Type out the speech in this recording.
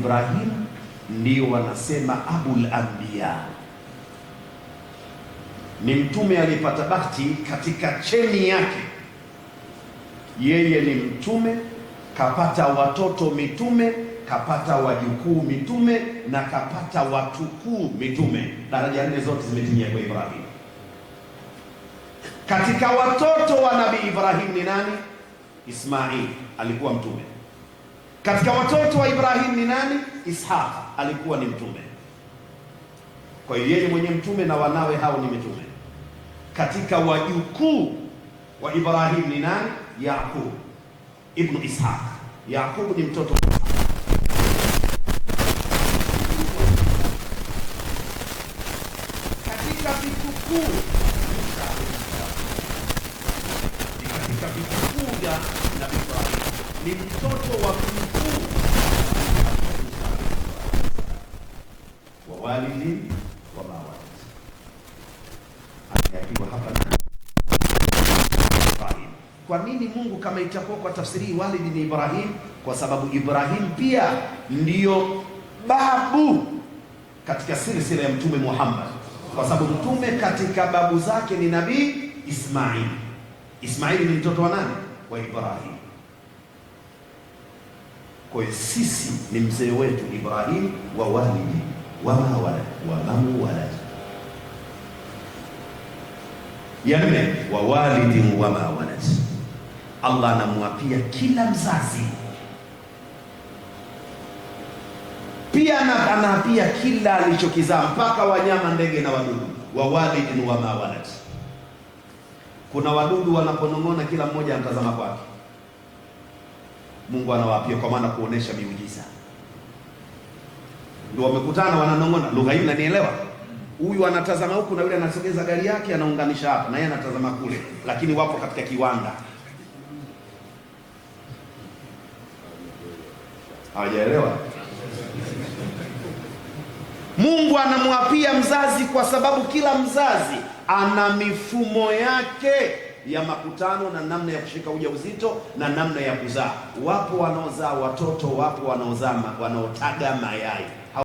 Ibrahim ndio wanasema abul anbiya, ni mtume aliyepata bahati katika cheni yake, yeye ni mtume, kapata watoto mitume, kapata wajukuu mitume, na kapata watukuu mitume. Daraja nne zote zimetimia kwa Ibrahim. Katika watoto wa Nabii Ibrahim ni nani? Ismail alikuwa mtume katika watoto wa Ibrahim ni nani? Ishaq alikuwa ni mtume, kwa hiyo yeye mwenye mtume na wanawe hao ni mitume. Katika wajukuu wa Ibrahim ni nani? Yaqub ibnu Ishaq. Yaqub ni mtoto katika vitukuu ni mtoto wa mkuu wa walidi wa mawalidi, akiakiwa hapa. Kwa nini Mungu kama itakuwa kwa tafsiri hii walidi ni Ibrahim? Kwa sababu Ibrahim pia ndiyo babu katika silsila ya Mtume Muhammad, kwa sababu mtume katika babu zake ni Nabii Ismail. Ismail ni mtoto wa nani? Wa Ibrahim. Kwa hiyo sisi ni mzee wetu Ibrahim wa walidi wama walamu walad. Ya nne wa walidin wama wala. Allah anamwapia kila mzazi, pia anaapia kila alichokizaa mpaka wanyama, ndege na wadudu. Wa walidin wama walad, kuna wadudu wanaponong'ona, kila mmoja anatazama kwake Mungu anawapia kwa maana kuonesha miujiza. Ndio wamekutana wananong'ona lugha hii nanielewa. Huyu anatazama huku na yule anasogeza gari yake anaunganisha hapa na yeye anatazama kule, lakini wapo katika kiwanda. Hawajaelewa. Mungu anamwapia mzazi kwa sababu kila mzazi ana mifumo yake ya makutano na namna ya kushika ujauzito na namna ya kuzaa. Wapo wanaozaa watoto, wapo wanaozaa wanaotaga mayai.